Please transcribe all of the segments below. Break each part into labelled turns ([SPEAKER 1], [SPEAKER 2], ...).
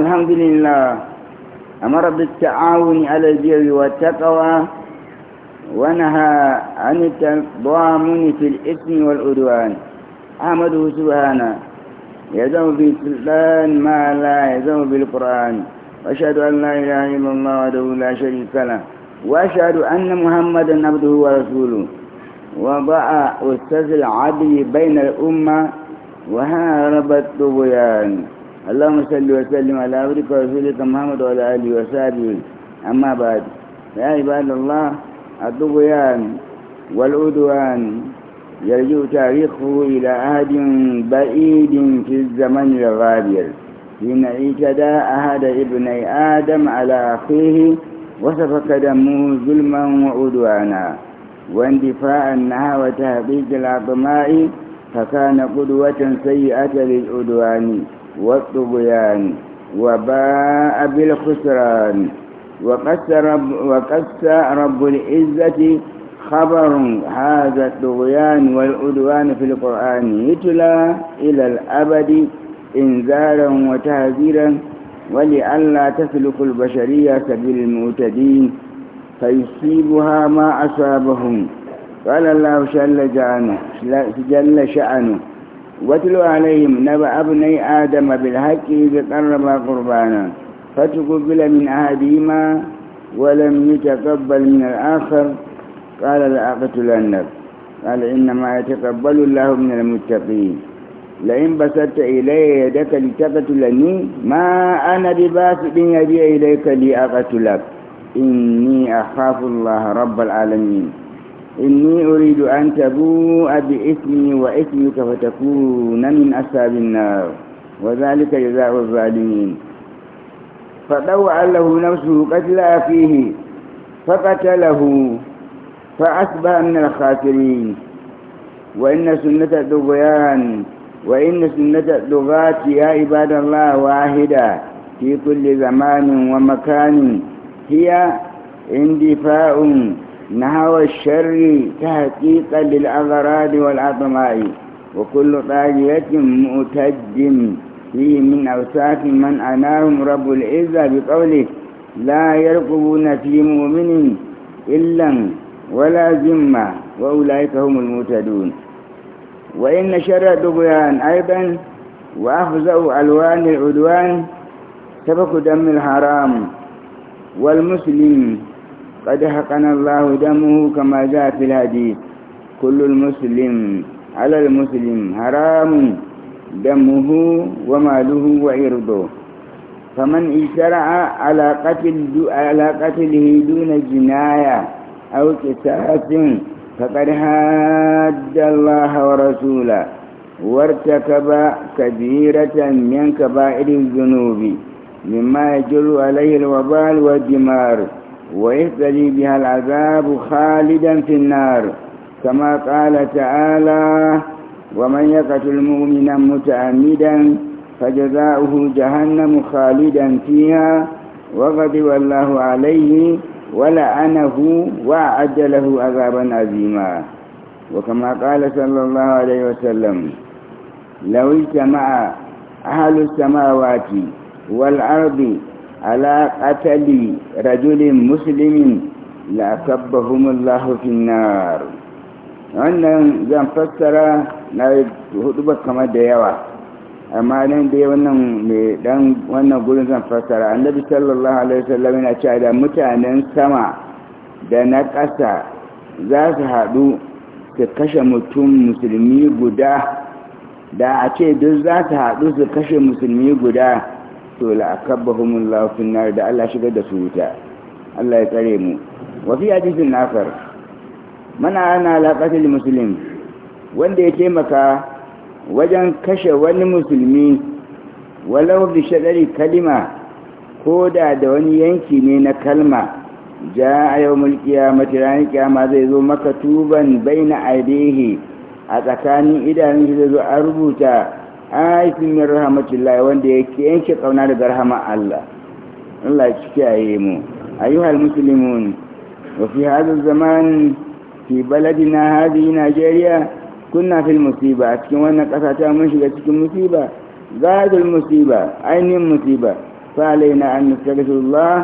[SPEAKER 1] الحمد لله أمر بالتعاون على البر والتقوى ونهى عن التضامن في الإثم والعدوان أحمده سبحانه يزعم بالسلطان ما لا يزعم بالقرآن وأشهد أن لا إله إلا الله وحده لا شريك له وأشهد أن محمدا عبده ورسوله وضع أسس العدل بين الأمة وهارب الطغيان اللهم صل وسلم على عبدك ورسولك محمد وعلى آله وصحبه أما بعد يا عباد الله الطغيان والعدوان يرجو تاريخه إلى عهد بعيد في الزمن الغابر حين اعتدى أحد ابني آدم على أخيه وسفك دمه ظلما وعدوانا واندفاعا النهى وتهديد العظماء فكان قدوة سيئة للعدوان والطغيان وباء بالخسران وقد رب, رب العزة خبر هذا الطغيان والعدوان في القرآن يتلى إلى الأبد إنذارا وتهذيرا ولئلا تسلك البشرية سبيل المعتدين فيصيبها ما أصابهم قال الله جل شأنه واتل عليهم نبأ ابني آدم بالحق إذ قربا قربانا فتقبل من أحدهما ولم يتقبل من الآخر قال لأقتلنك قال إنما يتقبل الله من المتقين لئن بسطت إلي يدك لتقتلني ما أنا بباسط يدي إليك لأقتلك إني أخاف الله رب العالمين إني أريد أن تبوء بإثمي وإثمك فتكون من أصحاب النار وذلك جزاء الظالمين فطوع له نفسه قتل أخيه فقتله فأصبح من الخاسرين وإن سنة الدغيان وإن سنة الدغاة يا عباد الله واحدة في كل زمان ومكان هي اندفاع نهوى الشر تحقيقا للأغراض والأطماء وكل طاجية مؤتج في من أوساط من أناهم رب العزة بقوله لا يرقبون في مؤمن إلا ولا ذمة وأولئك هم المهتدون وإن شر الدبيان أيضا وأخزأ ألوان العدوان سبق دم الحرام والمسلم قد حقن الله دمه كما جاء في الحديث كل المسلم على المسلم حرام دمه وماله وعرضه فمن اشترع على قتل على قتله دون جناية أو كساس فقد حاد الله ورسوله وارتكب كبيرة من كبائر الذنوب مما يجر عليه الوبال والدمار ويهتدي بها العذاب خالدا في النار كما قال تعالى ومن يقتل مؤمنا متعمدا فجزاؤه جهنم خالدا فيها وغضب الله عليه ولعنه وأعد له عذابا عظيما وكما قال صلى الله عليه وسلم لو اجتمع أهل السماوات والأرض على قتل رجل مسلم لأكبهم الله wannan zan fassara na hudu ba kamar da yawa amma nan dai wannan mai dan wannan gurin zan fassara annabi sallallahu alaihi wasallam yana cewa da mutanen sama da na ƙasa za su haɗu su kashe mutum musulmi guda da a ce duk za su haɗu su kashe musulmi guda to la'akabbahum Allah fi nar da Allah shigar da su wuta Allah ya tsare mu wa fi hadisin akhar mana ana laqatil muslim wanda ya taimaka wajen kashe wani musulmi walau bi shadari kalima ko da da wani yanki ne na kalma ja a yau mulkiya matiran kyama zai zo maka tuban bai na aidehi a tsakanin idanun shi zai zo a rubuta aikin min rahmatullahi wanda yake yanke kauna daga rahama Allah Allah ya kiyaye mu ayyuhal muslimun wa fi hadha zaman fi baladina hadhihi Najeriya kunna fil musiba cikin wannan kasa ta mun shiga cikin musiba zadul musiba ainin musiba fa alaina an nastaghfirullah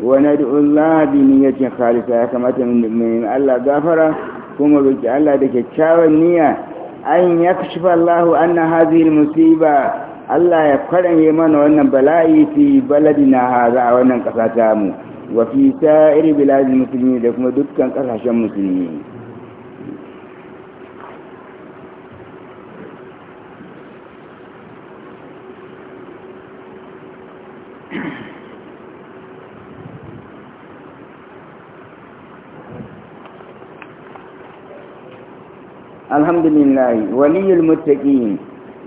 [SPEAKER 1] wa nad'u Allah bi niyyatin khalisa ya kamata min Allah gafara kuma roki Allah da kyakkyawan niyya an yakshifa Allahu anna hadhihi al-musiba Allah ya kwaranye mana wannan bala'i fi na haza a wannan ƙasa mu wa fi sa'iri musulmi da kuma dukkan ƙasashen musulmi الحمد لله ولي المتقين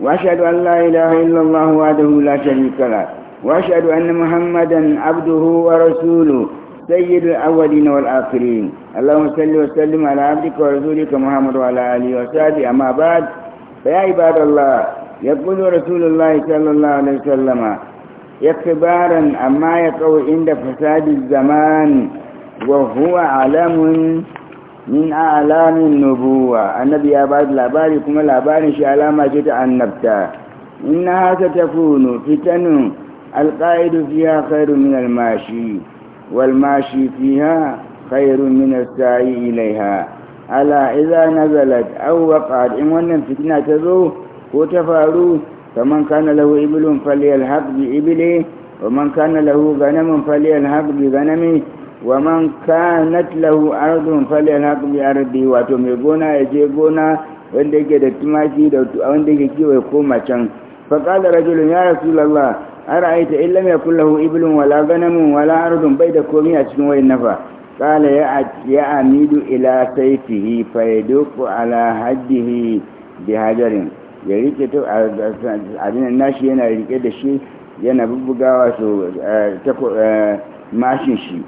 [SPEAKER 1] وأشهد أن لا إله إلا الله وحده لا شريك له وأشهد أن محمدا عبده ورسوله سيد الأولين والآخرين اللهم صل وسلم على عبدك ورسولك محمد وعلى آله وصحبه أما بعد فيا عباد الله يقول رسول الله صلى الله عليه وسلم اختبارا عما يقع عند فساد الزمان وهو علم من اعلام النبوه النبي اباد لاباري كما لاباري شي علامه جت النبتا انها ستكون فتن القائد فيها خير من الماشي والماشي فيها خير من السعي اليها الا اذا نزلت او وقعت ان ون فتنه تزو وتفارو فمن كان له ابل فليلحق بابله ومن كان له غنم فليلحق بغنمه wa man kanat lahu ardun falyanhaq bi ardi wato mai gona ya je gona wanda yake da tumaki da wanda yake kiwo ko macan fa qala rajulun ya rasulullah ara'aita illa ma yakul lahu iblun wala ganamun wala ardun bai da komai a cikin wayin nafa qala ya ya amidu ila sayfihi fa yaduqu ala hajjihi bi hajarin ya rike to abin nashi yana rike da shi yana bubbugawa so eh, eh, mashin shi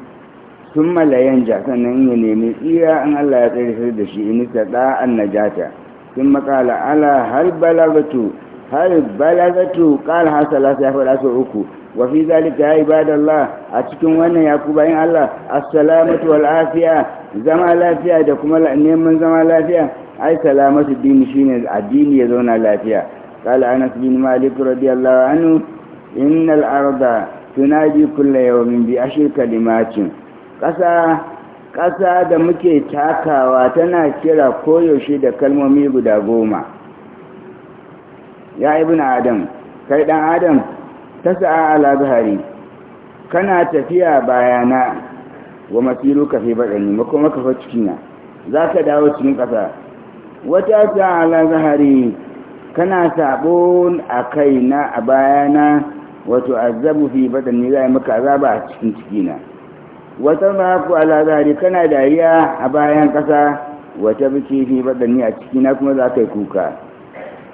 [SPEAKER 1] sun malayan ja sannan ya nemi tsira an Allah ya tsirfir da shi in sada an najata sun makala ala har balagatu har balagatu kala har lasu ya faɗa sau uku wa fi zalika ya ibadallah a cikin wannan ya ku bayan Allah assalamatu wal afiya zama lafiya da kuma neman zama lafiya ai salamatu dini shine addini ya zauna lafiya kala anas bin malik radiyallahu anhu innal arda tunaji kulla yawmin bi ashir kalimatin ƙasa ƙasa da muke takawa tana kira koyaushe da kalmomi guda goma ya ibn adam kai ɗan adam ta sa'a alabhari kana tafiya bayana wa masiru ka fi baɗani makon makafa cikina za ka dawo cikin ƙasa wata sa'a alabhari kana sabon a kaina a bayana wato azabu fi baɗani za a maka azaba a cikin cikina wata maku ala zari kana dariya a bayan ƙasa wata biki fi baɗanni a cikina kuma za ka yi kuka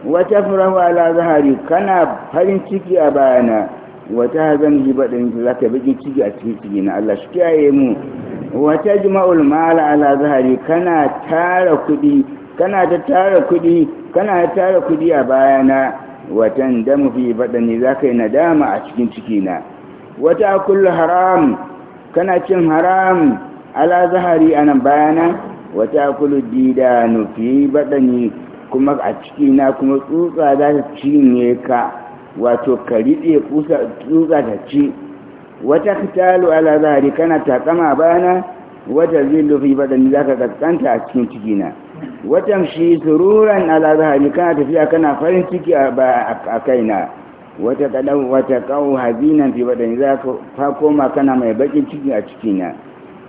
[SPEAKER 1] wata furahu ala zahari kana farin ciki a bayana wata hazan fi baɗanni za ka biki ciki a cikin ciki na Allah shi kiyaye mu wata jima'ul mala ala zahari kana tara kuɗi kana ta tara kuɗi kana ta tara kuɗi a bayana watan damu fi baɗanni za ka yi nadama a cikin cikina wata kullu haram kana cin haram ala zahari anan bayana wata kulu dida nufi baɗani kuma a ciki na kuma tsutsa za ta cinye ka wato ka riɗe tsutsa ta ci wata fitalu ala zahari kana takama bayana wata zillu fi baɗani za ka kaskanta a cikin ciki na? wata shi sururan ala zahari kana tafiya kana farin ciki a kaina wata kadan wata kawo hazinan fi badani za ka koma kana mai bakin ciki a cikina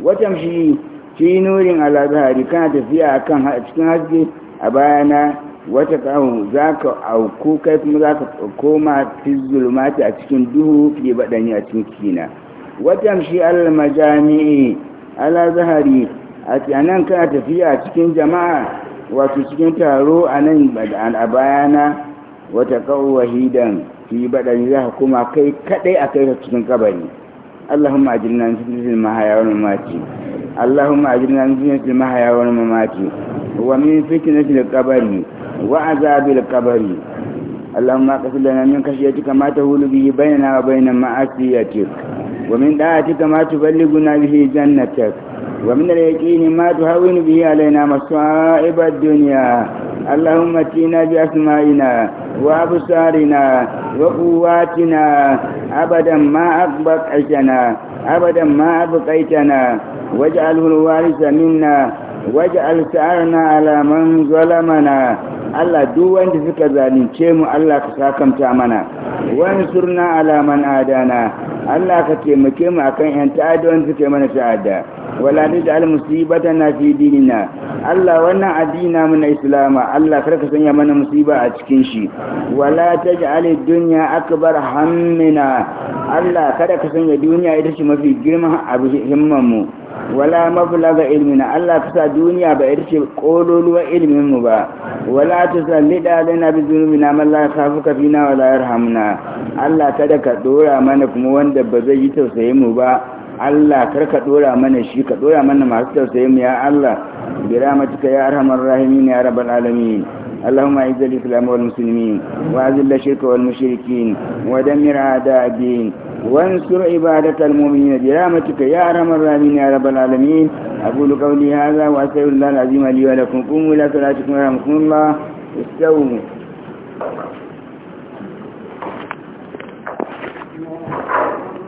[SPEAKER 1] wata shi fi nurin ala kana tafiya a a cikin haske a bayana wata kawo za ka auku kai kuma za ka koma fi zulmati a cikin duhu fi badani a cikin kina wata shi al majami'i a nan kana tafiya a cikin jama'a wato cikin taro a nan a bayana wata kawo wahidan yi baɗani za ka koma kai kaɗai a kai ka cikin kabari Allahumma ajirna min fitnatil mahaya wal mamati Allahumma ajirna min fitnatil mahaya wal mamati wa min fitnatil qabri wa azabil qabri Allahumma qfil lana min khashyatika ma tahulu bihi bainana wa bain ma'asiyatik wa min da'atika ma tuballighuna bihi jannatak wa min al-yaqini ma tuhawwinu bihi alaina masa'ib ad-dunya Allahumma tina bi asma'ina وأبصارنا وقواتنا أبدا ما أبقيتنا أبدا ما أبقيتنا واجعله الوارث منا واجعل سعرنا على من ظلمنا Allah duk wanda suka zalunce mu Allah ka sakamta mana wansurna ala alaman adana Allah ka taimake mu akan yan ta'adda wanda suka mana ta'adda wala da taj'al na fi dinina Allah wannan addini mu na Islama Allah karka sanya mana musiba a cikin shi wala taj'al ad-dunya akbar hammina Allah kada ka sanya duniya ita ce mafi girma a himman mu wala mablaga ilmina Allah ka sa duniya ba ita ce kololuwar ilmin mu ba wala tusallida lana bi dhunubina man la yakhafuka fina wala yarhamna Allah kada ka dora mana kuma wanda ba zai yi tausayin mu ba Allah kar ka dora mana shi ka dora mana masu tausayin ya Allah biramatika ya arhamar rahimin ya rabbal alamin اللهم اعز الاسلام والمسلمين واذل الشرك والمشركين ودمر اعداء الدين وانصر عبادك المؤمنين برحمتك يا ارحم الراحمين يا رب العالمين اقول قولي هذا واستغفر الله العظيم لي ولكم قوموا الى صلاتكم ورحمكم الله استووا